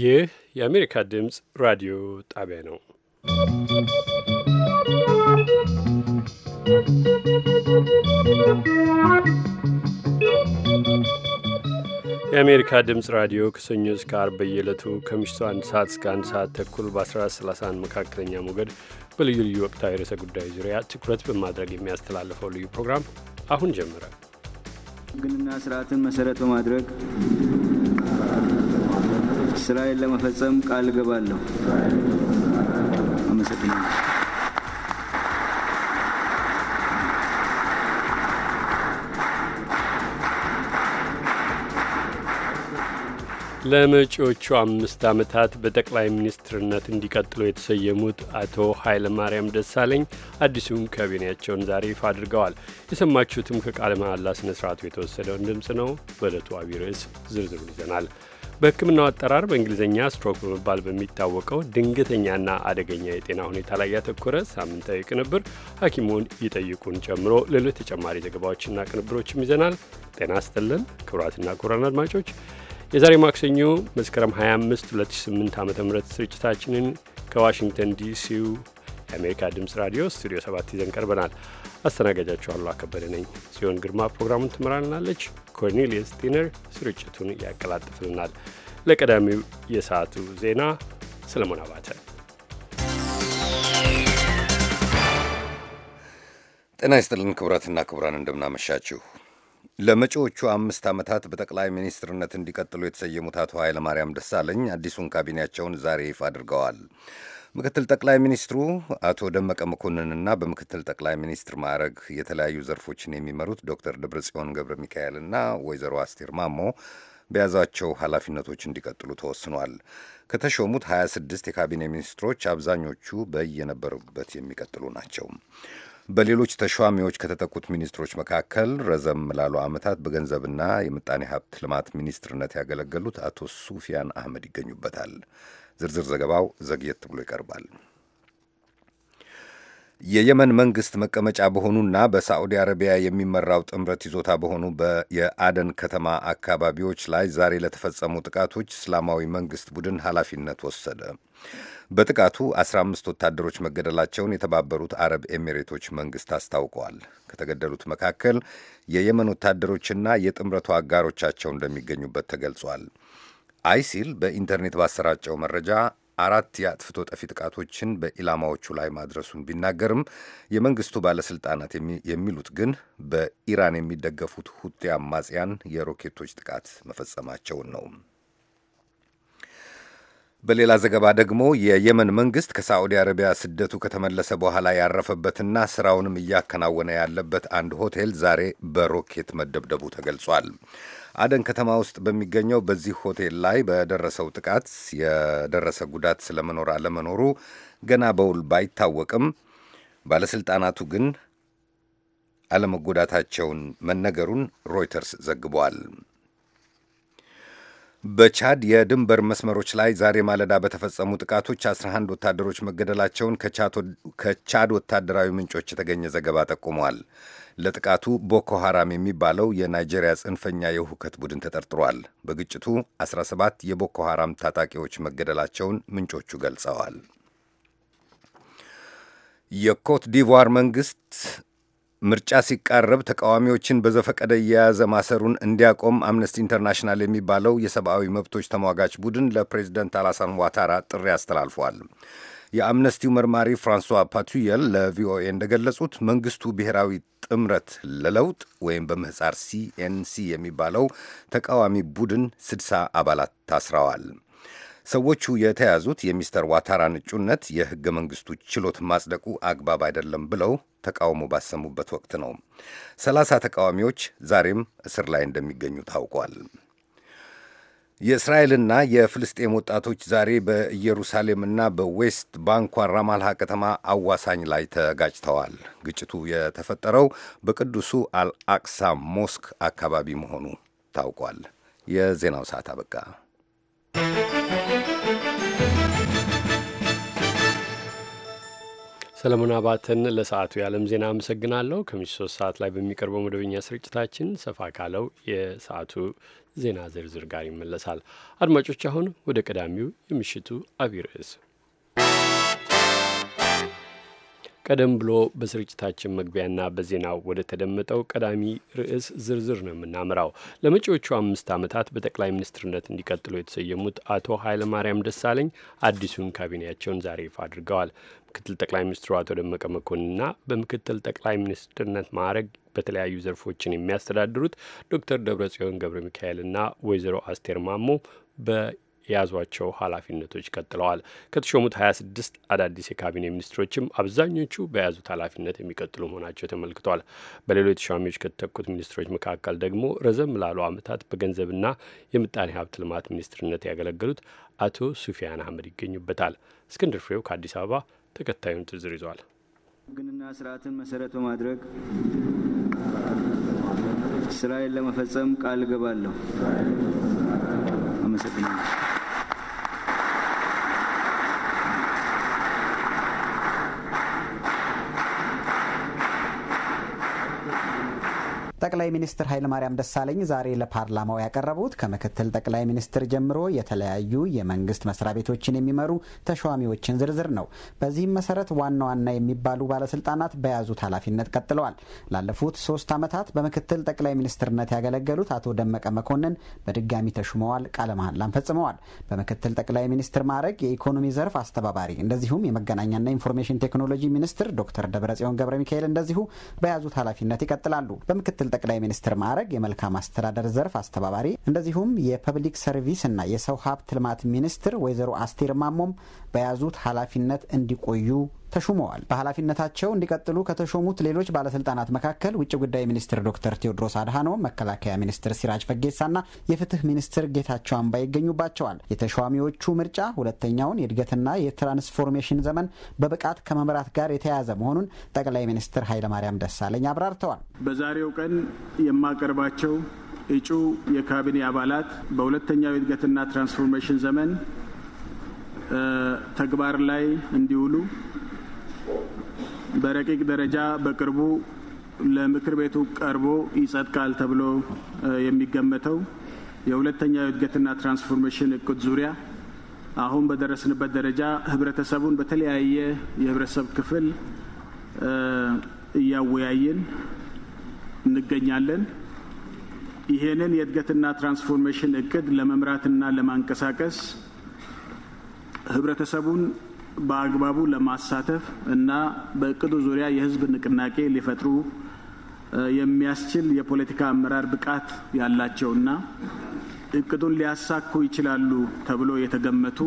ይህ የአሜሪካ ድምፅ ራዲዮ ጣቢያ ነው። የአሜሪካ ድምፅ ራዲዮ ከሰኞ እስከ ዓርብ በየዕለቱ ከምሽቱ አንድ ሰዓት እስከ አንድ ሰዓት ተኩል በ1431 መካከለኛ ሞገድ በልዩ ልዩ ወቅታዊ ርዕሰ ጉዳይ ዙሪያ ትኩረት በማድረግ የሚያስተላልፈው ልዩ ፕሮግራም አሁን ጀመረ። ግንና ስርዓትን መሰረት በማድረግ ስራዬን ለመፈጸም ቃል እገባለሁ። አመሰግናለሁ። ለመጪዎቹ አምስት ዓመታት በጠቅላይ ሚኒስትርነት እንዲቀጥሉ የተሰየሙት አቶ ማርያም ደሳለኝ አዲሱን ካቢኔያቸውን ዛሬ ይፋ አድርገዋል። የሰማችሁትም ከቃለ መሐላ ስነ ስርዓቱ የተወሰደውን ድምፅ ነው። በዕለቱ አቢይ ርዕስ ዝርዝሩን ይዘናል። በሕክምናው አጠራር በእንግሊዝኛ ስትሮክ በመባል በሚታወቀው ድንገተኛና አደገኛ የጤና ሁኔታ ላይ ያተኮረ ሳምንታዊ ቅንብር ሐኪሙን ይጠይቁን ጨምሮ ሌሎች ተጨማሪ ዘገባዎችና ቅንብሮችም ይዘናል። ጤና ይስጥልን ክቡራትና ክቡራን አድማጮች የዛሬ ማክሰኞ መስከረም 25 2008 ዓ ም ስርጭታችንን ከዋሽንግተን ዲሲው የአሜሪካ ድምፅ ራዲዮ ስቱዲዮ 7 ይዘን ቀርበናል። አስተናጋጃችኋለሁ። አከበደ ነኝ። ጽዮን ግርማ ፕሮግራሙን ትመራልናለች። ኮርኔሊየስ ቲነር ስርጭቱን ያቀላጥፍልናል። ለቀዳሚው የሰዓቱ ዜና ሰለሞን አባተ። ጤና ይስጥልን ክቡራትና ክቡራን፣ እንደምናመሻችሁ። ለመጪዎቹ አምስት ዓመታት በጠቅላይ ሚኒስትርነት እንዲቀጥሉ የተሰየሙት አቶ ኃይለማርያም ደሳለኝ አዲሱን ካቢኔያቸውን ዛሬ ይፋ አድርገዋል። ምክትል ጠቅላይ ሚኒስትሩ አቶ ደመቀ መኮንንና በምክትል ጠቅላይ ሚኒስትር ማዕረግ የተለያዩ ዘርፎችን የሚመሩት ዶክተር ደብረጽዮን ገብረ ሚካኤልና ወይዘሮ አስቴር ማሞ በያዛቸው ኃላፊነቶች እንዲቀጥሉ ተወስኗል። ከተሾሙት 26 የካቢኔ ሚኒስትሮች አብዛኞቹ በየነበሩበት የሚቀጥሉ ናቸው። በሌሎች ተሿሚዎች ከተተኩት ሚኒስትሮች መካከል ረዘም ላሉ ዓመታት በገንዘብና የምጣኔ ሀብት ልማት ሚኒስትርነት ያገለገሉት አቶ ሱፊያን አህመድ ይገኙበታል። ዝርዝር ዘገባው ዘግየት ብሎ ይቀርባል። የየመን መንግስት መቀመጫ በሆኑና በሳዑዲ አረቢያ የሚመራው ጥምረት ይዞታ በሆኑ የአደን ከተማ አካባቢዎች ላይ ዛሬ ለተፈጸሙ ጥቃቶች እስላማዊ መንግስት ቡድን ኃላፊነት ወሰደ። በጥቃቱ 15 ወታደሮች መገደላቸውን የተባበሩት አረብ ኤሚሬቶች መንግስት አስታውቀዋል። ከተገደሉት መካከል የየመን ወታደሮችና የጥምረቱ አጋሮቻቸው እንደሚገኙበት ተገልጿል። አይሲል በኢንተርኔት ባሰራጨው መረጃ አራት የአጥፍቶ ጠፊ ጥቃቶችን በኢላማዎቹ ላይ ማድረሱን ቢናገርም የመንግስቱ ባለስልጣናት የሚሉት ግን በኢራን የሚደገፉት ሁቲ አማጽያን የሮኬቶች ጥቃት መፈጸማቸውን ነው። በሌላ ዘገባ ደግሞ የየመን መንግስት ከሳዑዲ አረቢያ ስደቱ ከተመለሰ በኋላ ያረፈበትና ስራውንም እያከናወነ ያለበት አንድ ሆቴል ዛሬ በሮኬት መደብደቡ ተገልጿል። አደን ከተማ ውስጥ በሚገኘው በዚህ ሆቴል ላይ በደረሰው ጥቃት የደረሰ ጉዳት ስለመኖር አለመኖሩ ገና በውል ባይታወቅም ባለሥልጣናቱ ግን አለመጎዳታቸውን መነገሩን ሮይተርስ ዘግቧል። በቻድ የድንበር መስመሮች ላይ ዛሬ ማለዳ በተፈጸሙ ጥቃቶች 11 ወታደሮች መገደላቸውን ከቻድ ወታደራዊ ምንጮች የተገኘ ዘገባ ጠቁመዋል። ለጥቃቱ ቦኮ ሃራም የሚባለው የናይጄሪያ ጽንፈኛ የሁከት ቡድን ተጠርጥሯል። በግጭቱ 17 የቦኮ ሃራም ታጣቂዎች መገደላቸውን ምንጮቹ ገልጸዋል። የኮት ዲቯር መንግስት ምርጫ ሲቃረብ ተቃዋሚዎችን በዘፈቀደ እየያዘ ማሰሩን እንዲያቆም አምነስቲ ኢንተርናሽናል የሚባለው የሰብአዊ መብቶች ተሟጋች ቡድን ለፕሬዚደንት አላሳን ዋታራ ጥሪ አስተላልፏል። የአምነስቲው መርማሪ ፍራንሷ ፓቱየል ለቪኦኤ እንደገለጹት መንግስቱ ብሔራዊ ጥምረት ለለውጥ ወይም በምህፃር ሲኤንሲ የሚባለው ተቃዋሚ ቡድን ስድሳ አባላት ታስረዋል። ሰዎቹ የተያዙት የሚስተር ዋታራን እጩነት የሕገ መንግስቱ ችሎት ማጽደቁ አግባብ አይደለም ብለው ተቃውሞ ባሰሙበት ወቅት ነው። ሰላሳ ተቃዋሚዎች ዛሬም እስር ላይ እንደሚገኙ ታውቋል። የእስራኤልና የፍልስጤም ወጣቶች ዛሬ በኢየሩሳሌምና በዌስት ባንኳ ራማልሃ ከተማ አዋሳኝ ላይ ተጋጭተዋል። ግጭቱ የተፈጠረው በቅዱሱ አልአቅሳ ሞስክ አካባቢ መሆኑ ታውቋል። የዜናው ሰዓት አበቃ። ሰለሞን አባተን ለሰዓቱ የዓለም ዜና አመሰግናለሁ። ከምሽቱ ሶስት ሰዓት ላይ በሚቀርበው መደበኛ ስርጭታችን ሰፋ ካለው የሰዓቱ ዜና ዝርዝር ጋር ይመለሳል። አድማጮች፣ አሁን ወደ ቀዳሚው የምሽቱ አብይ ርዕስ ቀደም ብሎ በስርጭታችን መግቢያና በዜናው ወደ ተደመጠው ቀዳሚ ርዕስ ዝርዝር ነው የምናመራው። ለመጪዎቹ አምስት ዓመታት በጠቅላይ ሚኒስትርነት እንዲቀጥሉ የተሰየሙት አቶ ኃይለማርያም ደሳለኝ አዲሱን ካቢኔያቸውን ዛሬ ይፋ አድርገዋል። በምክትል ጠቅላይ ሚኒስትሩ አቶ ደመቀ መኮንንና በምክትል ጠቅላይ ሚኒስትርነት ማዕረግ በተለያዩ ዘርፎችን የሚያስተዳድሩት ዶክተር ደብረጽዮን ገብረ ሚካኤልና ወይዘሮ አስቴር ማሞ በያዟቸው ኃላፊነቶች ቀጥለዋል። ከተሾሙት 26 አዳዲስ የካቢኔ ሚኒስትሮችም አብዛኞቹ በያዙት ኃላፊነት የሚቀጥሉ መሆናቸው ተመልክቷል። በሌሎች ተሿሚዎች ከተተኩት ሚኒስትሮች መካከል ደግሞ ረዘም ላሉ ዓመታት በገንዘብና የምጣኔ ሀብት ልማት ሚኒስትርነት ያገለገሉት አቶ ሱፊያን አህመድ ይገኙበታል። እስክንድር ፍሬው ከአዲስ አበባ ተከታዩን ዝርዝር ይዟል። ግንና ስርዓትን መሰረት በማድረግ ስራዬን ለመፈጸም ቃል እገባለሁ። አመሰግናለሁ። ጠቅላይ ሚኒስትር ኃይለማርያም ደሳለኝ ዛሬ ለፓርላማው ያቀረቡት ከምክትል ጠቅላይ ሚኒስትር ጀምሮ የተለያዩ የመንግስት መስሪያ ቤቶችን የሚመሩ ተሿሚዎችን ዝርዝር ነው። በዚህም መሰረት ዋና ዋና የሚባሉ ባለስልጣናት በያዙት ኃላፊነት ቀጥለዋል። ላለፉት ሶስት ዓመታት በምክትል ጠቅላይ ሚኒስትርነት ያገለገሉት አቶ ደመቀ መኮንን በድጋሚ ተሹመዋል፣ ቃለ መሐላም ፈጽመዋል። በምክትል ጠቅላይ ሚኒስትር ማዕረግ የኢኮኖሚ ዘርፍ አስተባባሪ እንደዚሁም የመገናኛና ኢንፎርሜሽን ቴክኖሎጂ ሚኒስትር ዶክተር ደብረጽዮን ገብረ ሚካኤል እንደዚሁ በያዙት ኃላፊነት ይቀጥላሉ። በምክትል ጠቅላይ ሚኒስትር ማዕረግ የመልካም አስተዳደር ዘርፍ አስተባባሪ እንደዚሁም የፐብሊክ ሰርቪስና የሰው ሀብት ልማት ሚኒስትር ወይዘሮ አስቴር ማሞም በያዙት ኃላፊነት እንዲቆዩ ተሹመዋል። በኃላፊነታቸው እንዲቀጥሉ ከተሾሙት ሌሎች ባለስልጣናት መካከል ውጭ ጉዳይ ሚኒስትር ዶክተር ቴዎድሮስ አድሃኖም፣ መከላከያ ሚኒስትር ሲራጅ ፈጌሳና የፍትህ ሚኒስትር ጌታቸው አምባ ይገኙባቸዋል። የተሿሚዎቹ ምርጫ ሁለተኛውን የእድገትና የትራንስፎርሜሽን ዘመን በብቃት ከመምራት ጋር የተያያዘ መሆኑን ጠቅላይ ሚኒስትር ኃይለማርያም ደሳለኝ አብራርተዋል። በዛሬው ቀን የማቀርባቸው እጩ የካቢኔ አባላት በሁለተኛው የእድገትና ትራንስፎርሜሽን ዘመን ተግባር ላይ እንዲውሉ በረቂቅ ደረጃ በቅርቡ ለምክር ቤቱ ቀርቦ ይጸድቃል ተብሎ የሚገመተው የሁለተኛው የእድገትና ትራንስፎርሜሽን እቅድ ዙሪያ አሁን በደረስንበት ደረጃ ህብረተሰቡን በተለያየ የህብረተሰብ ክፍል እያወያየን እንገኛለን። ይሄንን የእድገትና ትራንስፎርሜሽን እቅድ ለመምራትና ለማንቀሳቀስ ህብረተሰቡን በአግባቡ ለማሳተፍ እና በእቅዱ ዙሪያ የህዝብ ንቅናቄ ሊፈጥሩ የሚያስችል የፖለቲካ አመራር ብቃት ያላቸውና እቅዱን ሊያሳኩ ይችላሉ ተብሎ የተገመቱ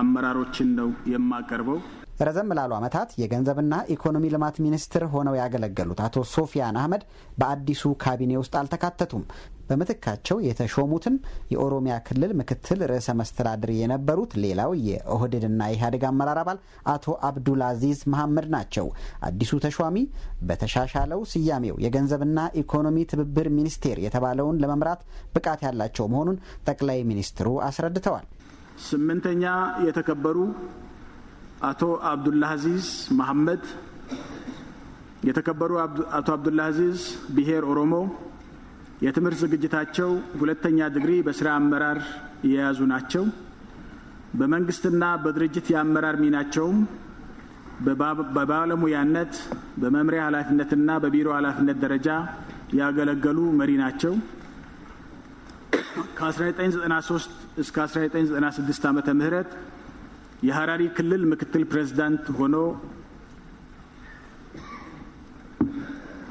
አመራሮችን ነው የማቀርበው። ረዘም ላሉ ዓመታት የገንዘብና ኢኮኖሚ ልማት ሚኒስትር ሆነው ያገለገሉት አቶ ሶፊያን አህመድ በአዲሱ ካቢኔ ውስጥ አልተካተቱም። በምትካቸው የተሾሙትም የኦሮሚያ ክልል ምክትል ርዕሰ መስተዳድር የነበሩት ሌላው የኦህዴድና ኢህአዴግ አመራር አባል አቶ አዚዝ መሐመድ ናቸው። አዲሱ ተሿሚ በተሻሻለው ስያሜው የገንዘብና ኢኮኖሚ ትብብር ሚኒስቴር የተባለውን ለመምራት ብቃት ያላቸው መሆኑን ጠቅላይ ሚኒስትሩ አስረድተዋል። ስምንተኛ የተከበሩ አቶ አብዱላ አዚዝ መሐመድ፣ የተከበሩ አቶ አብዱላ አዚዝ ብሔር ኦሮሞ የትምህርት ዝግጅታቸው ሁለተኛ ዲግሪ በስራ አመራር የያዙ ናቸው። በመንግስትና በድርጅት የአመራር ሚናቸውም በባለሙያነት በመምሪያ ኃላፊነትና በቢሮ ኃላፊነት ደረጃ ያገለገሉ መሪ ናቸው። ከ1993 እስከ 1996 ዓመተ ምህረት የሀራሪ ክልል ምክትል ፕሬዝዳንት ሆኖ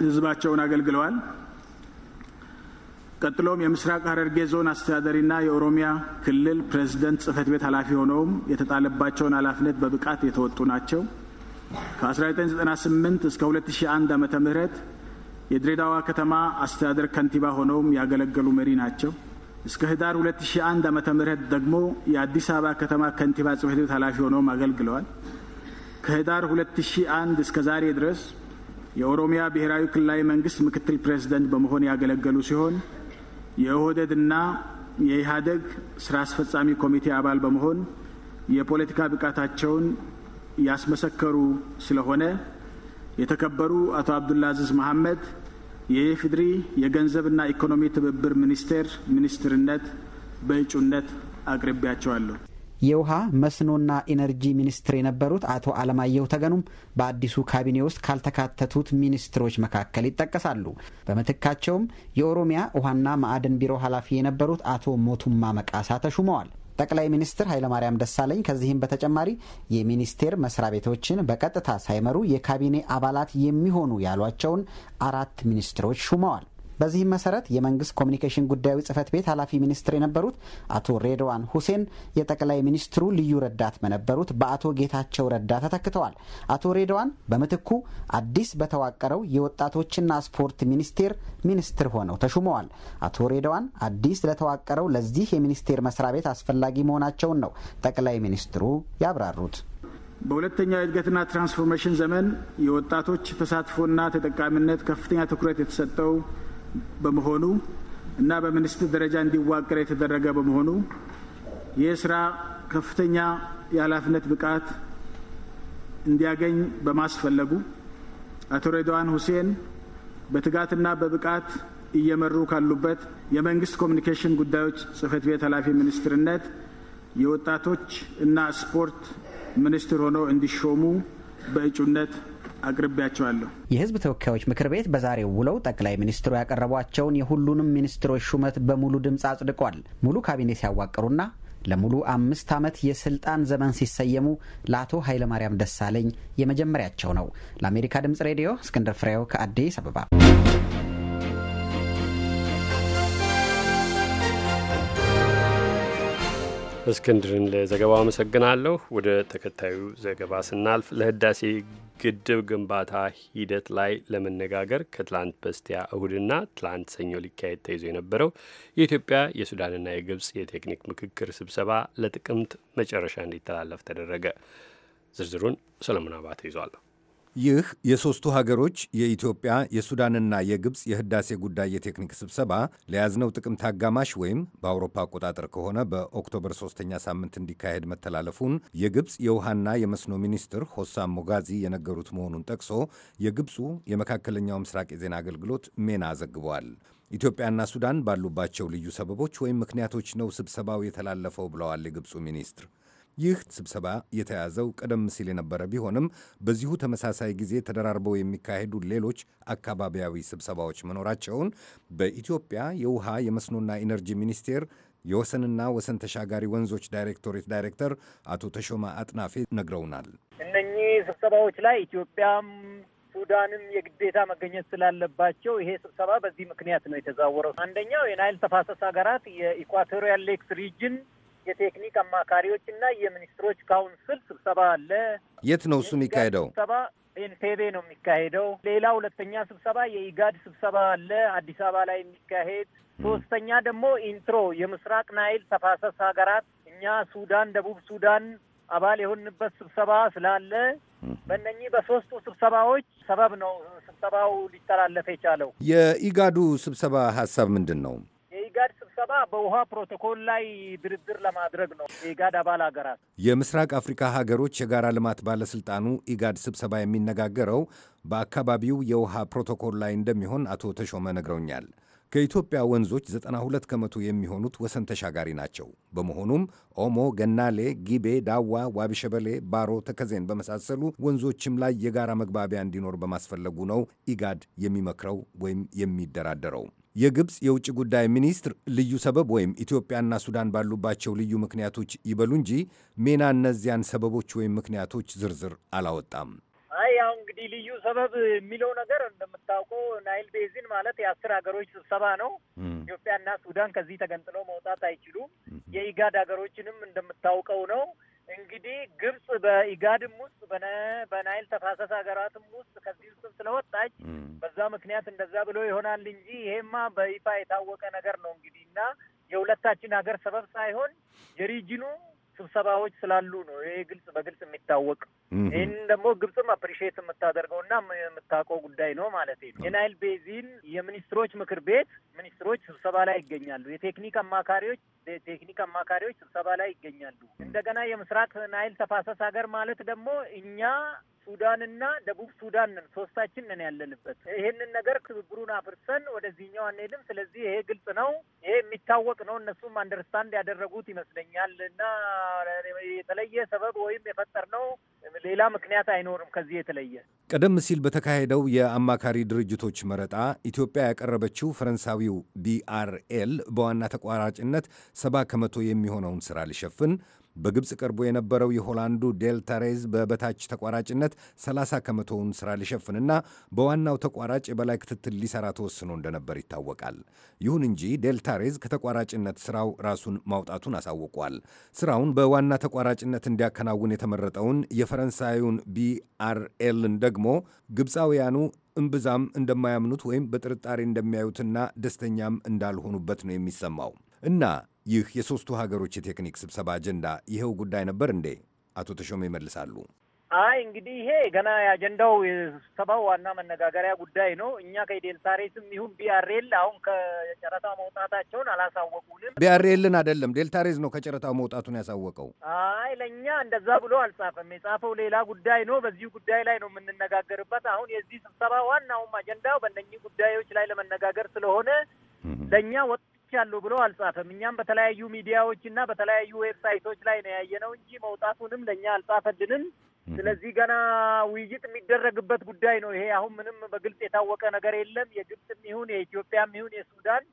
ህዝባቸውን አገልግለዋል። ቀጥሎም የምስራቅ ሀረርጌ ዞን አስተዳዳሪና የኦሮሚያ ክልል ፕሬዝደንት ጽህፈት ቤት ኃላፊ ሆነውም የተጣለባቸውን ኃላፊነት በብቃት የተወጡ ናቸው። ከ1998 እስከ 2001 ም የድሬዳዋ ከተማ አስተዳደር ከንቲባ ሆነውም ያገለገሉ መሪ ናቸው። እስከ ህዳር 2001 ዓ ም ደግሞ የአዲስ አበባ ከተማ ከንቲባ ጽሕፈት ቤት ኃላፊ ሆነውም አገልግለዋል። ከህዳር 2001 እስከ ዛሬ ድረስ የኦሮሚያ ብሔራዊ ክልላዊ መንግስት ምክትል ፕሬዝደንት በመሆን ያገለገሉ ሲሆን የኦህዴድና የኢህአደግ ስራ አስፈጻሚ ኮሚቴ አባል በመሆን የፖለቲካ ብቃታቸውን ያስመሰከሩ ስለሆነ የተከበሩ አቶ አብዱልአዚዝ መሐመድ የኢፌዴሪ የገንዘብና ኢኮኖሚ ትብብር ሚኒስቴር ሚኒስትርነት በእጩነት አቅርቤያቸዋለሁ። የውሃ መስኖና ኢነርጂ ሚኒስትር የነበሩት አቶ አለማየሁ ተገኑም በአዲሱ ካቢኔ ውስጥ ካልተካተቱት ሚኒስትሮች መካከል ይጠቀሳሉ። በምትካቸውም የኦሮሚያ ውሃና ማዕድን ቢሮ ኃላፊ የነበሩት አቶ ሞቱማ መቃሳ ተሹመዋል። ጠቅላይ ሚኒስትር ኃይለማርያም ደሳለኝ ከዚህም በተጨማሪ የሚኒስቴር መስሪያ ቤቶችን በቀጥታ ሳይመሩ የካቢኔ አባላት የሚሆኑ ያሏቸውን አራት ሚኒስትሮች ሹመዋል። በዚህም መሰረት የመንግስት ኮሚኒኬሽን ጉዳዩ ጽህፈት ቤት ኃላፊ ሚኒስትር የነበሩት አቶ ሬድዋን ሁሴን የጠቅላይ ሚኒስትሩ ልዩ ረዳት በነበሩት በአቶ ጌታቸው ረዳ ተተክተዋል። አቶ ሬድዋን በምትኩ አዲስ በተዋቀረው የወጣቶችና ስፖርት ሚኒስቴር ሚኒስትር ሆነው ተሹመዋል። አቶ ሬድዋን አዲስ ለተዋቀረው ለዚህ የሚኒስቴር መስሪያ ቤት አስፈላጊ መሆናቸውን ነው ጠቅላይ ሚኒስትሩ ያብራሩት። በሁለተኛው የእድገትና ትራንስፎርሜሽን ዘመን የወጣቶች ተሳትፎና ተጠቃሚነት ከፍተኛ ትኩረት የተሰጠው በመሆኑ እና በሚኒስትር ደረጃ እንዲዋቀር የተደረገ በመሆኑ የስራ ከፍተኛ የኃላፊነት ብቃት እንዲያገኝ በማስፈለጉ አቶ ሬድዋን ሁሴን በትጋትና በብቃት እየመሩ ካሉበት የመንግስት ኮሚኒኬሽን ጉዳዮች ጽህፈት ቤት ኃላፊ ሚኒስትርነት የወጣቶች እና ስፖርት ሚኒስትር ሆነው እንዲሾሙ በእጩነት አቅርቤያቸዋለሁ። የህዝብ ተወካዮች ምክር ቤት በዛሬው ውለው ጠቅላይ ሚኒስትሩ ያቀረቧቸውን የሁሉንም ሚኒስትሮች ሹመት በሙሉ ድምፅ አጽድቋል። ሙሉ ካቢኔ ሲያዋቅሩና ለሙሉ አምስት ዓመት የስልጣን ዘመን ሲሰየሙ ለአቶ ኃይለማርያም ደሳለኝ የመጀመሪያቸው ነው። ለአሜሪካ ድምፅ ሬዲዮ እስክንድር ፍሬው ከአዲስ አበባ እስክንድርን ለዘገባው አመሰግናለሁ። ወደ ተከታዩ ዘገባ ስናልፍ ለህዳሴ ግድብ ግንባታ ሂደት ላይ ለመነጋገር ከትላንት በስቲያ እሁድና ትላንት ሰኞ ሊካሄድ ተይዞ የነበረው የኢትዮጵያ የሱዳንና የግብፅ የቴክኒክ ምክክር ስብሰባ ለጥቅምት መጨረሻ እንዲተላለፍ ተደረገ። ዝርዝሩን ሰለሞን አባተ ይዟለሁ። ይህ የሦስቱ ሀገሮች የኢትዮጵያ፣ የሱዳንና የግብፅ የህዳሴ ጉዳይ የቴክኒክ ስብሰባ ለያዝነው ጥቅምት አጋማሽ ወይም በአውሮፓ አቆጣጠር ከሆነ በኦክቶበር ሶስተኛ ሳምንት እንዲካሄድ መተላለፉን የግብፅ የውሃና የመስኖ ሚኒስትር ሆሳም ሞጋዚ የነገሩት መሆኑን ጠቅሶ የግብፁ የመካከለኛው ምስራቅ የዜና አገልግሎት ሜና ዘግቧል። ኢትዮጵያና ሱዳን ባሉባቸው ልዩ ሰበቦች ወይም ምክንያቶች ነው ስብሰባው የተላለፈው ብለዋል የግብፁ ሚኒስትር ይህ ስብሰባ የተያዘው ቀደም ሲል የነበረ ቢሆንም በዚሁ ተመሳሳይ ጊዜ ተደራርበው የሚካሄዱ ሌሎች አካባቢያዊ ስብሰባዎች መኖራቸውን በኢትዮጵያ የውሃ የመስኖና ኢነርጂ ሚኒስቴር የወሰንና ወሰን ተሻጋሪ ወንዞች ዳይሬክቶሬት ዳይሬክተር አቶ ተሾማ አጥናፌ ነግረውናል። እነኚህ ስብሰባዎች ላይ ኢትዮጵያም ሱዳንም የግዴታ መገኘት ስላለባቸው ይሄ ስብሰባ በዚህ ምክንያት ነው የተዛወረው። አንደኛው የናይል ተፋሰስ ሀገራት የኢኳቶሪያል ሌክስ ሪጅን የቴክኒክ አማካሪዎች እና የሚኒስትሮች ካውንስል ስብሰባ አለ። የት ነው እሱ የሚካሄደው? ስብሰባ ነው የሚካሄደው። ሌላ ሁለተኛ ስብሰባ የኢጋድ ስብሰባ አለ አዲስ አበባ ላይ የሚካሄድ። ሶስተኛ ደግሞ ኢንትሮ የምስራቅ ናይል ተፋሰስ ሀገራት እኛ ሱዳን፣ ደቡብ ሱዳን አባል የሆንበት ስብሰባ ስላለ በእነኚህ በሶስቱ ስብሰባዎች ሰበብ ነው ስብሰባው ሊተላለፍ የቻለው። የኢጋዱ ስብሰባ ሀሳብ ምንድን ነው? የኢጋድ ስብሰባ በውሃ ፕሮቶኮል ላይ ድርድር ለማድረግ ነው። የኢጋድ አባል ሀገራት የምስራቅ አፍሪካ ሀገሮች የጋራ ልማት ባለስልጣኑ ኢጋድ ስብሰባ የሚነጋገረው በአካባቢው የውሃ ፕሮቶኮል ላይ እንደሚሆን አቶ ተሾመ ነግረውኛል። ከኢትዮጵያ ወንዞች 92 ከመቶ የሚሆኑት ወሰን ተሻጋሪ ናቸው። በመሆኑም ኦሞ፣ ገናሌ፣ ጊቤ፣ ዳዋ፣ ዋቢሸበሌ፣ ባሮ፣ ተከዜን በመሳሰሉ ወንዞችም ላይ የጋራ መግባቢያ እንዲኖር በማስፈለጉ ነው ኢጋድ የሚመክረው ወይም የሚደራደረው። የግብፅ የውጭ ጉዳይ ሚኒስትር ልዩ ሰበብ ወይም ኢትዮጵያና ሱዳን ባሉባቸው ልዩ ምክንያቶች ይበሉ እንጂ ሜና እነዚያን ሰበቦች ወይም ምክንያቶች ዝርዝር አላወጣም። አይ ያው እንግዲህ ልዩ ሰበብ የሚለው ነገር እንደምታውቀው ናይል ቤዚን ማለት የአስር ሀገሮች ስብሰባ ነው። ኢትዮጵያና ሱዳን ከዚህ ተገንጥለው መውጣት አይችሉም። የኢጋድ ሀገሮችንም እንደምታውቀው ነው እንግዲህ ግብጽ በኢጋድም ውስጥ በናይል ተፋሰስ ሀገራትም ውስጥ ከዚህ ውስጥ ስለወጣች በዛ ምክንያት እንደዛ ብሎ ይሆናል እንጂ ይሄማ በይፋ የታወቀ ነገር ነው እንግዲህ እና የሁለታችን ሀገር ሰበብ ሳይሆን የሪጅኑ ስብሰባዎች ስላሉ ነው ይሄ ግልጽ በግልጽ የሚታወቅ ይህን ደግሞ ግብፅም አፕሪሺየት የምታደርገውና የምታውቀው ጉዳይ ነው ማለት ነው። የናይል ቤዚን የሚኒስትሮች ምክር ቤት ሚኒስትሮች ስብሰባ ላይ ይገኛሉ። የቴክኒክ አማካሪዎች የቴክኒክ አማካሪዎች ስብሰባ ላይ ይገኛሉ። እንደገና የምስራቅ ናይል ተፋሰስ ሀገር ማለት ደግሞ እኛ ሱዳንና ደቡብ ሱዳን ነን፣ ሶስታችን ነን ያለንበት። ይህንን ነገር ትብብሩን አፍርሰን ወደዚህኛው አንሄድም። ስለዚህ ይሄ ግልጽ ነው፣ ይሄ የሚታወቅ ነው። እነሱም አንደርስታንድ ያደረጉት ይመስለኛል። እና የተለየ ሰበብ ወይም የፈጠር ነው ሌላ ምክንያት አይኖርም ከዚህ የተለየ። ቀደም ሲል በተካሄደው የአማካሪ ድርጅቶች መረጣ ኢትዮጵያ ያቀረበችው ፈረንሳዊው ቢአርኤል በዋና ተቋራጭነት ሰባ ከመቶ የሚሆነውን ስራ ሊሸፍን በግብፅ ቀርቦ የነበረው የሆላንዱ ዴልታሬዝ በበታች ተቋራጭነት 30 ከመቶውን ስራ ሊሸፍንና በዋናው ተቋራጭ የበላይ ክትትል ሊሰራ ተወስኖ እንደነበር ይታወቃል። ይሁን እንጂ ዴልታሬዝ ከተቋራጭነት ስራው ራሱን ማውጣቱን አሳውቋል። ስራውን በዋና ተቋራጭነት እንዲያከናውን የተመረጠውን የፈረንሳዩን ቢአርኤልን ደግሞ ግብፃውያኑ እምብዛም እንደማያምኑት ወይም በጥርጣሬ እንደሚያዩትና ደስተኛም እንዳልሆኑበት ነው የሚሰማው እና ይህ የሶስቱ ሀገሮች የቴክኒክ ስብሰባ አጀንዳ ይኸው ጉዳይ ነበር እንዴ? አቶ ተሾመ ይመልሳሉ። አይ እንግዲህ ይሄ ገና የአጀንዳው የስብሰባው ዋና መነጋገሪያ ጉዳይ ነው። እኛ ከዴልታሬስም ይሁን ቢአርኤል አሁን ከጨረታው መውጣታቸውን አላሳወቁንም። ቢአርኤልን አይደለም ዴልታሬዝ ነው ከጨረታው መውጣቱን ያሳወቀው። አይ ለእኛ እንደዛ ብሎ አልጻፈም። የጻፈው ሌላ ጉዳይ ነው። በዚሁ ጉዳይ ላይ ነው የምንነጋገርበት። አሁን የዚህ ስብሰባ ዋናውም አጀንዳው በእነኚህ ጉዳዮች ላይ ለመነጋገር ስለሆነ ለእኛ ወጥ ወጥቻለሁ ብሎ አልጻፈም። እኛም በተለያዩ ሚዲያዎች እና በተለያዩ ዌብሳይቶች ላይ ነው ያየነው እንጂ መውጣቱንም ለእኛ አልጻፈልንም። ስለዚህ ገና ውይይት የሚደረግበት ጉዳይ ነው ይሄ። አሁን ምንም በግልጽ የታወቀ ነገር የለም። የግብፅም ይሁን የኢትዮጵያም ይሁን የሱዳን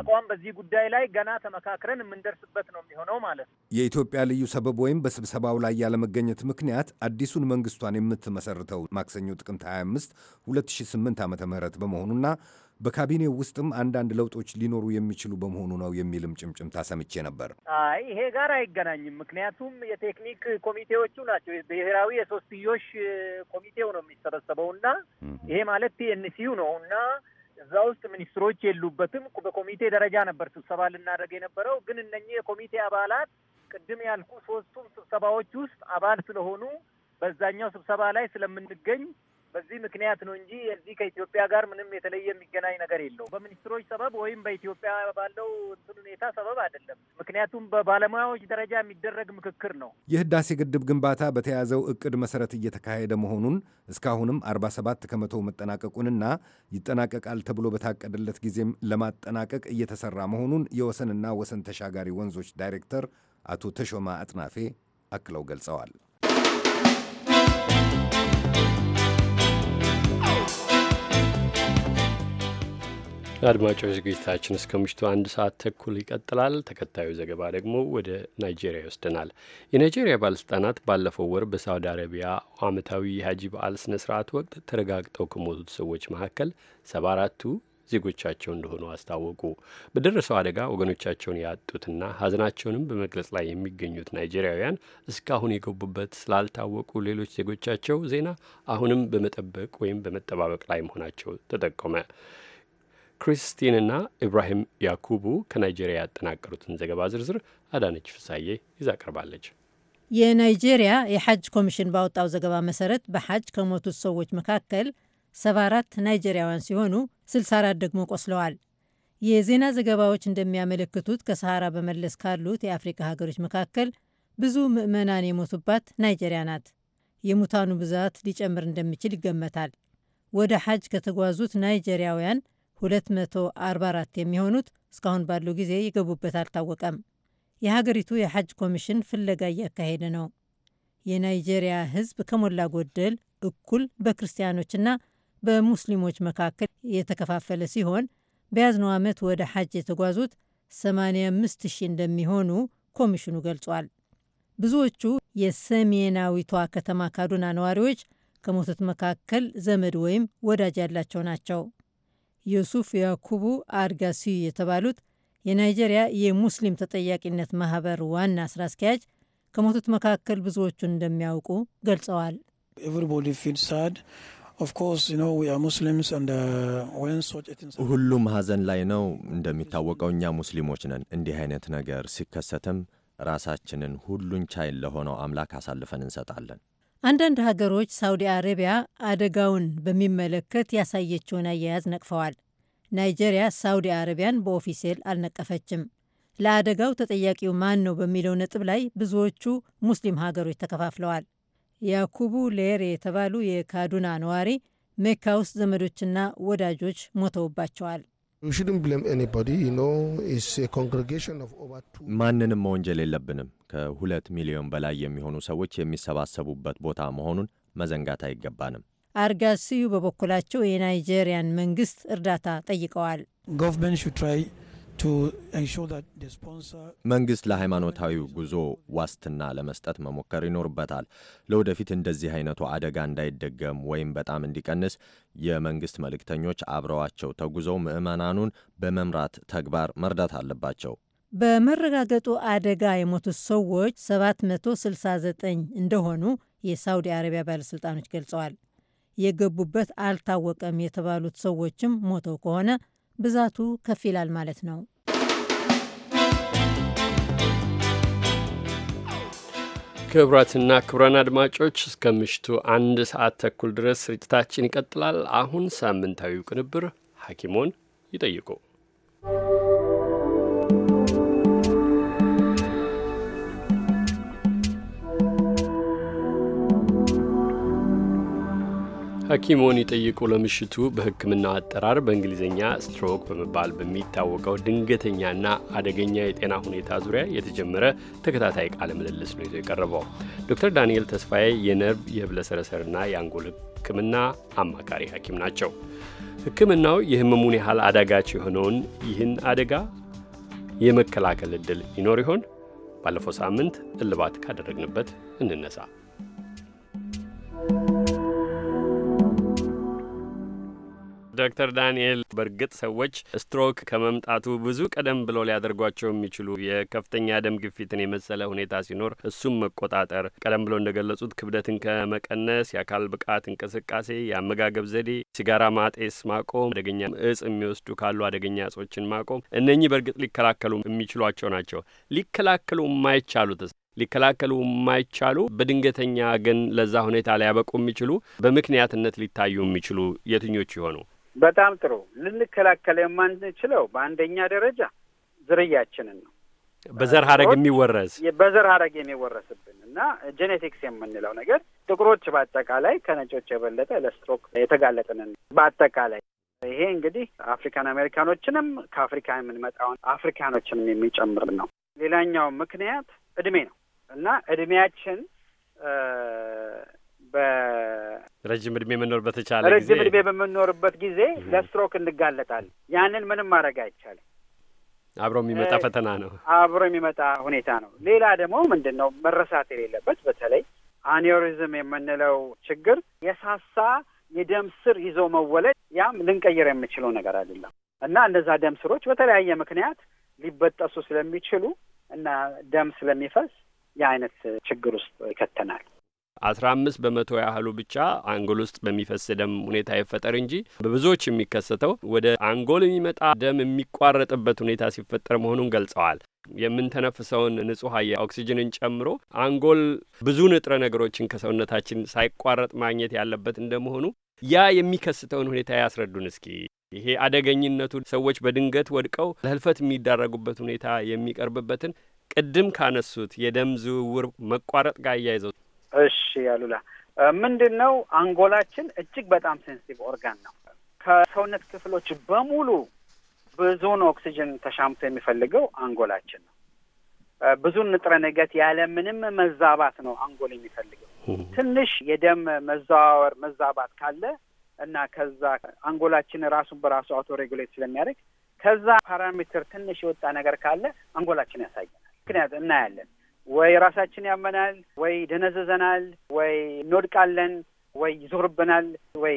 አቋም በዚህ ጉዳይ ላይ ገና ተመካክረን የምንደርስበት ነው የሚሆነው ማለት ነው። የኢትዮጵያ ልዩ ሰበብ ወይም በስብሰባው ላይ ያለመገኘት ምክንያት አዲሱን መንግስቷን የምትመሰርተው ማክሰኞ ጥቅምት 25 2008 ዓ ም በመሆኑና በካቢኔው ውስጥም አንዳንድ ለውጦች ሊኖሩ የሚችሉ በመሆኑ ነው የሚልም ጭምጭምታ ሰምቼ ነበር። አይ ይሄ ጋር አይገናኝም። ምክንያቱም የቴክኒክ ኮሚቴዎቹ ናቸው። ብሔራዊ የሶስትዮሽ ኮሚቴው ነው የሚሰበሰበው እና ይሄ ማለት ቲኤንሲዩ ነው እና እዛ ውስጥ ሚኒስትሮች የሉበትም። በኮሚቴ ደረጃ ነበር ስብሰባ ልናደርግ የነበረው። ግን እነኚህ የኮሚቴ አባላት ቅድም ያልኩ ሶስቱም ስብሰባዎች ውስጥ አባል ስለሆኑ በዛኛው ስብሰባ ላይ ስለምንገኝ በዚህ ምክንያት ነው እንጂ የዚህ ከኢትዮጵያ ጋር ምንም የተለየ የሚገናኝ ነገር የለው። በሚኒስትሮች ሰበብ ወይም በኢትዮጵያ ባለው እንትን ሁኔታ ሰበብ አይደለም። ምክንያቱም በባለሙያዎች ደረጃ የሚደረግ ምክክር ነው። የህዳሴ ግድብ ግንባታ በተያዘው እቅድ መሰረት እየተካሄደ መሆኑን እስካሁንም 47 ከመቶ መጠናቀቁንና ይጠናቀቃል ተብሎ በታቀደለት ጊዜም ለማጠናቀቅ እየተሰራ መሆኑን የወሰንና ወሰን ተሻጋሪ ወንዞች ዳይሬክተር አቶ ተሾማ አጥናፌ አክለው ገልጸዋል። አድማጮች ዝግጅታችን እስከ ምሽቱ አንድ ሰዓት ተኩል ይቀጥላል። ተከታዩ ዘገባ ደግሞ ወደ ናይጄሪያ ይወስደናል። የናይጄሪያ ባለስልጣናት ባለፈው ወር በሳውዲ አረቢያ ዓመታዊ የሀጂ በዓል ስነ ስርዓት ወቅት ተረጋግጠው ከሞቱት ሰዎች መካከል ሰባ አራቱ ዜጎቻቸው እንደሆኑ አስታወቁ። በደረሰው አደጋ ወገኖቻቸውን ያጡትና ሀዘናቸውንም በመግለጽ ላይ የሚገኙት ናይጄሪያውያን እስካሁን የገቡበት ስላልታወቁ ሌሎች ዜጎቻቸው ዜና አሁንም በመጠበቅ ወይም በመጠባበቅ ላይ መሆናቸው ተጠቆመ። ክሪስቲንና ኢብራሂም ያኩቡ ከናይጄሪያ ያጠናቀሩትን ዘገባ ዝርዝር አዳነች ፍሳዬ ይዛ ቀርባለች። የናይጄሪያ የሐጅ ኮሚሽን ባወጣው ዘገባ መሰረት በሐጅ ከሞቱት ሰዎች መካከል 74 ናይጄሪያውያን ሲሆኑ 64 ደግሞ ቆስለዋል። የዜና ዘገባዎች እንደሚያመለክቱት ከሰሃራ በመለስ ካሉት የአፍሪካ ሀገሮች መካከል ብዙ ምዕመናን የሞቱባት ናይጄሪያ ናት። የሙታኑ ብዛት ሊጨምር እንደሚችል ይገመታል። ወደ ሐጅ ከተጓዙት ናይጄሪያውያን 244 የሚሆኑት እስካሁን ባለው ጊዜ የገቡበት አልታወቀም። የሀገሪቱ የሐጅ ኮሚሽን ፍለጋ እያካሄደ ነው። የናይጄሪያ ሕዝብ ከሞላ ጎደል እኩል በክርስቲያኖችና በሙስሊሞች መካከል የተከፋፈለ ሲሆን በያዝነው ዓመት ወደ ሐጅ የተጓዙት 85 ሺህ እንደሚሆኑ ኮሚሽኑ ገልጿል። ብዙዎቹ የሰሜናዊቷ ከተማ ካዱና ነዋሪዎች ከሞቱት መካከል ዘመድ ወይም ወዳጅ ያላቸው ናቸው። ዮሱፍ ያኩቡ አርጋሲ የተባሉት የናይጀሪያ የሙስሊም ተጠያቂነት ማህበር ዋና ስራ አስኪያጅ ከሞቱት መካከል ብዙዎቹን እንደሚያውቁ ገልጸዋል። uh, ሁሉም ሀዘን ላይ ነው። እንደሚታወቀው እኛ ሙስሊሞች ነን። እንዲህ አይነት ነገር ሲከሰትም ራሳችንን ሁሉን ቻይ ለሆነው አምላክ አሳልፈን እንሰጣለን። አንዳንድ ሀገሮች ሳውዲ አረቢያ አደጋውን በሚመለከት ያሳየችውን አያያዝ ነቅፈዋል። ናይጄሪያ ሳውዲ አረቢያን በኦፊሴል አልነቀፈችም። ለአደጋው ተጠያቂው ማን ነው በሚለው ነጥብ ላይ ብዙዎቹ ሙስሊም ሀገሮች ተከፋፍለዋል። ያኩቡ ሌር የተባሉ የካዱና ነዋሪ ሜካ ውስጥ ዘመዶችና ወዳጆች ሞተውባቸዋል። ማንንም መወንጀል የለብንም። ከሁለት ሚሊዮን በላይ የሚሆኑ ሰዎች የሚሰባሰቡበት ቦታ መሆኑን መዘንጋት አይገባንም። አርጋሲዩ በበኩላቸው የናይጄሪያን መንግስት እርዳታ ጠይቀዋል። መንግስት ለሃይማኖታዊ ጉዞ ዋስትና ለመስጠት መሞከር ይኖርበታል። ለወደፊት እንደዚህ አይነቱ አደጋ እንዳይደገም ወይም በጣም እንዲቀንስ የመንግስት መልእክተኞች አብረዋቸው ተጉዘው ምዕመናኑን በመምራት ተግባር መርዳት አለባቸው። በመረጋገጡ አደጋ የሞቱት ሰዎች 769 እንደሆኑ የሳውዲ አረቢያ ባለሥልጣኖች ገልጸዋል። የገቡበት አልታወቀም የተባሉት ሰዎችም ሞተው ከሆነ ብዛቱ ከፍ ይላል ማለት ነው። ክቡራትና ክቡራን አድማጮች እስከ ምሽቱ አንድ ሰዓት ተኩል ድረስ ስርጭታችን ይቀጥላል። አሁን ሳምንታዊው ቅንብር ሐኪሞን ይጠይቁ ሐኪሞን ይጠይቁ ለምሽቱ በሕክምና አጠራር በእንግሊዝኛ ስትሮክ በመባል በሚታወቀው ድንገተኛና አደገኛ የጤና ሁኔታ ዙሪያ የተጀመረ ተከታታይ ቃለ ምልልስ ነው ይዞ የቀረበው። ዶክተር ዳንኤል ተስፋዬ የነርቭ የህብለሰረሰርና የአንጎል ሕክምና አማካሪ ሐኪም ናቸው። ሕክምናው የህመሙን ያህል አዳጋች የሆነውን ይህን አደጋ የመከላከል ዕድል ይኖር ይሆን? ባለፈው ሳምንት እልባት ካደረግንበት እንነሳ። ዶክተር ዳንኤል በእርግጥ ሰዎች ስትሮክ ከመምጣቱ ብዙ ቀደም ብሎ ሊያደርጓቸው የሚችሉ የከፍተኛ ደም ግፊትን የመሰለ ሁኔታ ሲኖር እሱም መቆጣጠር ቀደም ብሎ እንደገለጹት ክብደትን ከመቀነስ፣ የአካል ብቃት እንቅስቃሴ፣ የአመጋገብ ዘዴ፣ ሲጋራ ማጤስ ማቆም፣ አደገኛ እጽ የሚወስዱ ካሉ አደገኛ እጾችን ማቆም፣ እነኚህ በእርግጥ ሊከላከሉ የሚችሏቸው ናቸው። ሊከላከሉ የማይቻሉትስ ሊከላከሉ የማይቻሉ በድንገተኛ ግን ለዛ ሁኔታ ሊያበቁ የሚችሉ በምክንያትነት ሊታዩ የሚችሉ የትኞቹ ይሆኑ? በጣም ጥሩ። ልንከላከል የማንችለው በአንደኛ ደረጃ ዝርያችንን ነው። በዘር ሀረግ የሚወረስ በዘር ሀረግ የሚወረስብን እና ጄኔቲክስ የምንለው ነገር ጥቁሮች በአጠቃላይ ከነጮች የበለጠ ለስትሮክ የተጋለጥንን በአጠቃላይ ይሄ እንግዲህ አፍሪካን አሜሪካኖችንም ከአፍሪካ የምንመጣውን አፍሪካኖችንም የሚጨምር ነው። ሌላኛው ምክንያት እድሜ ነው። እና እድሜያችን በረጅም እድሜ የምንኖር በተቻለ ረጅም እድሜ በምንኖርበት ጊዜ ለስትሮክ እንጋለጣለን። ያንን ምንም ማድረግ አይቻልም። አብሮ የሚመጣ ፈተና ነው። አብሮ የሚመጣ ሁኔታ ነው። ሌላ ደግሞ ምንድን ነው መረሳት የሌለበት በተለይ አኒዮሪዝም የምንለው ችግር የሳሳ የደም ስር ይዞ መወለድ፣ ያም ልንቀይር የምችለው ነገር አይደለም እና እነዛ ደም ስሮች በተለያየ ምክንያት ሊበጠሱ ስለሚችሉ እና ደም ስለሚፈስ የአይነት ችግር ውስጥ ይከተናል። አስራ አምስት በመቶ ያህሉ ብቻ አንጎል ውስጥ በሚፈስ ደም ሁኔታ ይፈጠር እንጂ በብዙዎች የሚከሰተው ወደ አንጎል የሚመጣ ደም የሚቋረጥበት ሁኔታ ሲፈጠር መሆኑን ገልጸዋል። የምንተነፍሰውን ንጹህ አየር ኦክሲጅንን ጨምሮ አንጎል ብዙ ንጥረ ነገሮችን ከሰውነታችን ሳይቋረጥ ማግኘት ያለበት እንደመሆኑ ያ የሚከስተውን ሁኔታ ያስረዱን እስኪ። ይሄ አደገኝነቱ ሰዎች በድንገት ወድቀው ለህልፈት የሚዳረጉበት ሁኔታ የሚቀርብበትን ቅድም ካነሱት የደም ዝውውር መቋረጥ ጋር እያይዘው። እሺ አሉላ፣ ምንድን ነው አንጎላችን እጅግ በጣም ሴንሲቲቭ ኦርጋን ነው። ከሰውነት ክፍሎች በሙሉ ብዙውን ኦክሲጅን ተሻምቶ የሚፈልገው አንጎላችን ነው። ብዙን ንጥረ ነገት ያለ ምንም መዛባት ነው አንጎል የሚፈልገው። ትንሽ የደም መዘዋወር መዛባት ካለ እና ከዛ አንጎላችን ራሱን በራሱ አውቶ ሬጉሌት ስለሚያደርግ ከዛ ፓራሜትር ትንሽ የወጣ ነገር ካለ አንጎላችን ያሳያል። ምክንያት እናያለን። ወይ ራሳችን ያመናል፣ ወይ ደነዘዘናል፣ ወይ እንወድቃለን፣ ወይ ይዞርብናል፣ ወይ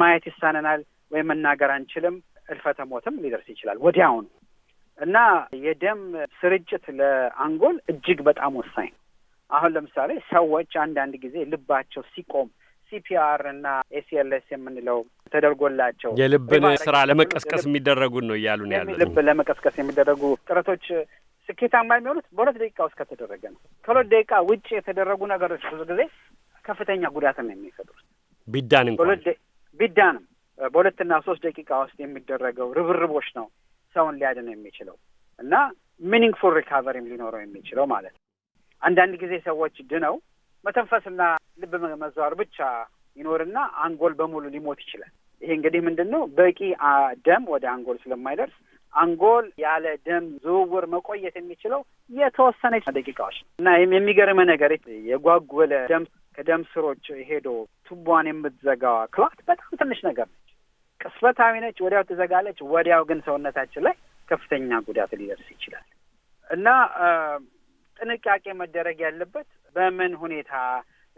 ማየት ይሳነናል፣ ወይ መናገር አንችልም። እልፈተ ሞትም ሊደርስ ይችላል ወዲያውኑ እና የደም ስርጭት ለአንጎል እጅግ በጣም ወሳኝ ነው። አሁን ለምሳሌ ሰዎች አንዳንድ ጊዜ ልባቸው ሲቆም ሲፒአር እና ኤሲኤልኤስ የምንለው ተደርጎላቸው የልብን ስራ ለመቀስቀስ የሚደረጉን ነው እያሉ ነው ያሉት። ልብ ለመቀስቀስ የሚደረጉ ጥረቶች ስኬታማ የሚሆኑት በሁለት ደቂቃ ውስጥ ከተደረገ ነው። ከሁለት ደቂቃ ውጭ የተደረጉ ነገሮች ብዙ ጊዜ ከፍተኛ ጉዳት ነው የሚፈጥሩት። ቢዳን እንኳን ቢዳንም በሁለትና ሶስት ደቂቃ ውስጥ የሚደረገው ርብርቦች ነው ሰውን ሊያድን የሚችለው እና ሚኒንግፉል ሪካቨሪም ሊኖረው የሚችለው ማለት ነው። አንዳንድ ጊዜ ሰዎች ድነው መተንፈስና ልብ መዘዋወር ብቻ ይኖርና አንጎል በሙሉ ሊሞት ይችላል። ይሄ እንግዲህ ምንድን ነው በቂ ደም ወደ አንጎል ስለማይደርስ አንጎል ያለ ደም ዝውውር መቆየት የሚችለው የተወሰነ ደቂቃዎች እና የሚገርመ ነገር የጓጉለ ደም ከደም ስሮች ሄዶ ቱቧን የምትዘጋዋ ክላት በጣም ትንሽ ነገር ነች። ቅስበታዊ ነች። ወዲያው ትዘጋለች። ወዲያው ግን ሰውነታችን ላይ ከፍተኛ ጉዳት ሊደርስ ይችላል እና ጥንቃቄ መደረግ ያለበት በምን ሁኔታ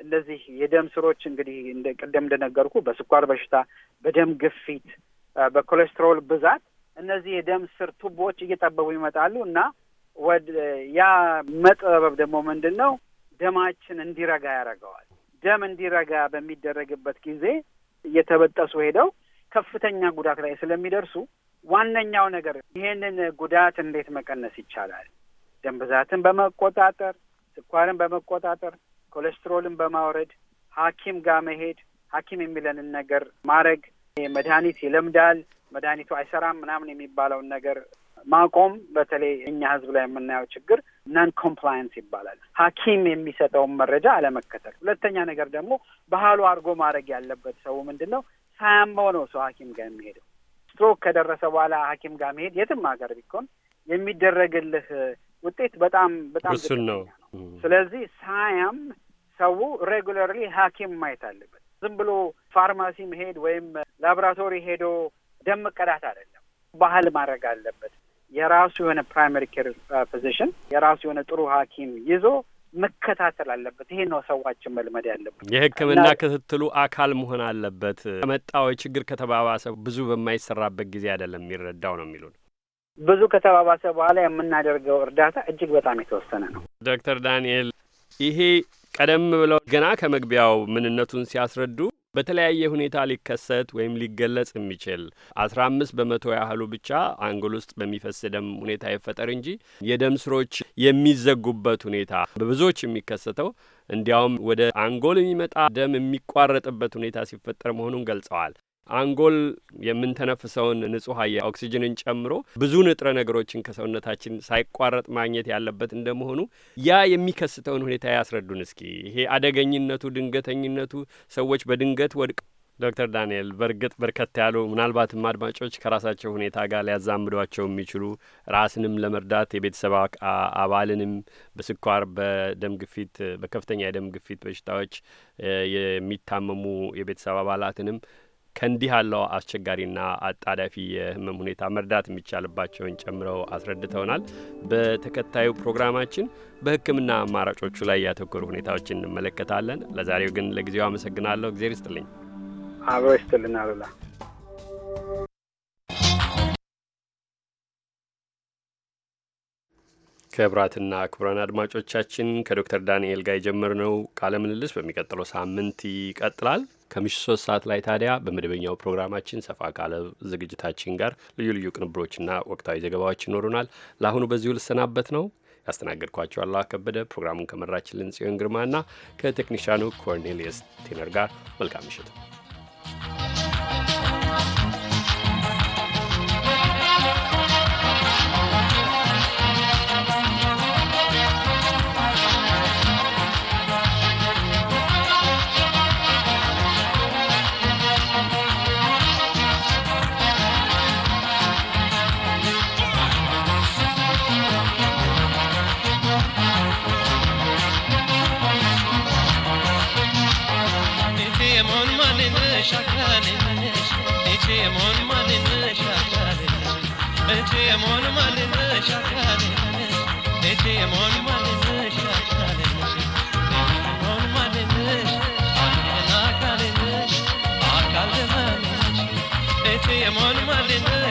እነዚህ የደም ስሮች እንግዲህ ቅደም እንደነገርኩ በስኳር በሽታ፣ በደም ግፊት፣ በኮሌስትሮል ብዛት እነዚህ የደም ስር ቱቦዎች እየጠበቡ ይመጣሉ እና ወደ ያ መጥበብ ደግሞ ምንድን ነው ደማችን እንዲረጋ ያደርገዋል። ደም እንዲረጋ በሚደረግበት ጊዜ እየተበጠሱ ሄደው ከፍተኛ ጉዳት ላይ ስለሚደርሱ ዋነኛው ነገር ይህንን ጉዳት እንዴት መቀነስ ይቻላል? ደም ብዛትን በመቆጣጠር፣ ስኳርን በመቆጣጠር፣ ኮሌስትሮልን በማውረድ ሐኪም ጋር መሄድ ሐኪም የሚለንን ነገር ማድረግ መድኃኒት ይለምዳል፣ መድኃኒቱ አይሰራም ምናምን የሚባለውን ነገር ማቆም በተለይ እኛ ህዝብ ላይ የምናየው ችግር ናን ኮምፕላያንስ ይባላል። ሐኪም የሚሰጠውን መረጃ አለመከተል። ሁለተኛ ነገር ደግሞ ባህሉ አድርጎ ማድረግ ያለበት ሰው ምንድን ነው ሳያመው ነው ሰው ሐኪም ጋር የሚሄደው። ስትሮክ ከደረሰ በኋላ ሐኪም ጋር መሄድ የትም ሀገር ቢኮን የሚደረግልህ ውጤት በጣም በጣም ነው። ስለዚህ ሳያም ሰው ሬጉለርሊ ሐኪም ማየት አለበት። ዝም ብሎ ፋርማሲ መሄድ ወይም ላብራቶሪ ሄዶ ደም መቀዳት አይደለም። ባህል ማድረግ አለበት። የራሱ የሆነ ፕራይመሪ ኬር ፊዚሽን የራሱ የሆነ ጥሩ ሐኪም ይዞ መከታተል አለበት። ይሄ ነው ሰዋችን መልመድ ያለበት። የህክምና ክትትሉ አካል መሆን አለበት። ከመጣው ችግር ከተባባሰ ብዙ በማይሰራበት ጊዜ አይደለም የሚረዳው ነው የሚሉን ብዙ ከተባባሰ በኋላ የምናደርገው እርዳታ እጅግ በጣም የተወሰነ ነው። ዶክተር ዳንኤል ይሄ ቀደም ብለው ገና ከመግቢያው ምንነቱን ሲያስረዱ በተለያየ ሁኔታ ሊከሰት ወይም ሊገለጽ የሚችል አስራ አምስት በመቶ ያህሉ ብቻ አንጎል ውስጥ በሚፈስ ደም ሁኔታ ይፈጠር እንጂ የደም ስሮች የሚዘጉበት ሁኔታ በብዙዎች የሚከሰተው እንዲያውም ወደ አንጎል የሚመጣ ደም የሚቋረጥበት ሁኔታ ሲፈጠር መሆኑን ገልጸዋል። አንጎል የምንተነፍሰውን ንጹህ አየር ኦክሲጅንን ጨምሮ ብዙ ንጥረ ነገሮችን ከሰውነታችን ሳይቋረጥ ማግኘት ያለበት እንደመሆኑ ያ የሚከስተውን ሁኔታ ያስረዱን እስኪ። ይሄ አደገኝነቱ፣ ድንገተኝነቱ ሰዎች በድንገት ወድቅ ዶክተር ዳንኤል በእርግጥ በርከት ያሉ ምናልባትም አድማጮች ከራሳቸው ሁኔታ ጋር ሊያዛምዷቸው የሚችሉ ራስንም ለመርዳት የቤተሰብ አባልንም በስኳር፣ በደም ግፊት፣ በከፍተኛ የደም ግፊት በሽታዎች የሚታመሙ የቤተሰብ አባላትንም ከእንዲህ ያለው አስቸጋሪና አጣዳፊ የህመም ሁኔታ መርዳት የሚቻልባቸውን ጨምረው አስረድተውናል። በተከታዩ ፕሮግራማችን በህክምና አማራጮቹ ላይ ያተኮሩ ሁኔታዎችን እንመለከታለን። ለዛሬው ግን ለጊዜው አመሰግናለሁ። እግዜር ይስጥልኝ። አብሮ ይስጥልን አሉላ። ክቡራትና ክቡራን አድማጮቻችን ከዶክተር ዳንኤል ጋር የጀመርነው ቃለ ምልልስ በሚቀጥለው ሳምንት ይቀጥላል። ከምሽት ሶስት ሰዓት ላይ ታዲያ በመደበኛው ፕሮግራማችን ሰፋ ካለ ዝግጅታችን ጋር ልዩ ልዩ ቅንብሮችና ወቅታዊ ዘገባዎች ይኖሩናል። ለአሁኑ በዚሁ ልሰናበት ነው። ያስተናገድኳቸው አላ ከበደ፣ ፕሮግራሙን ከመራችልን ጽዮን ግርማና ከቴክኒሻኑ ኮርኔሊየስ ቴነር ጋር መልካም ምሽት።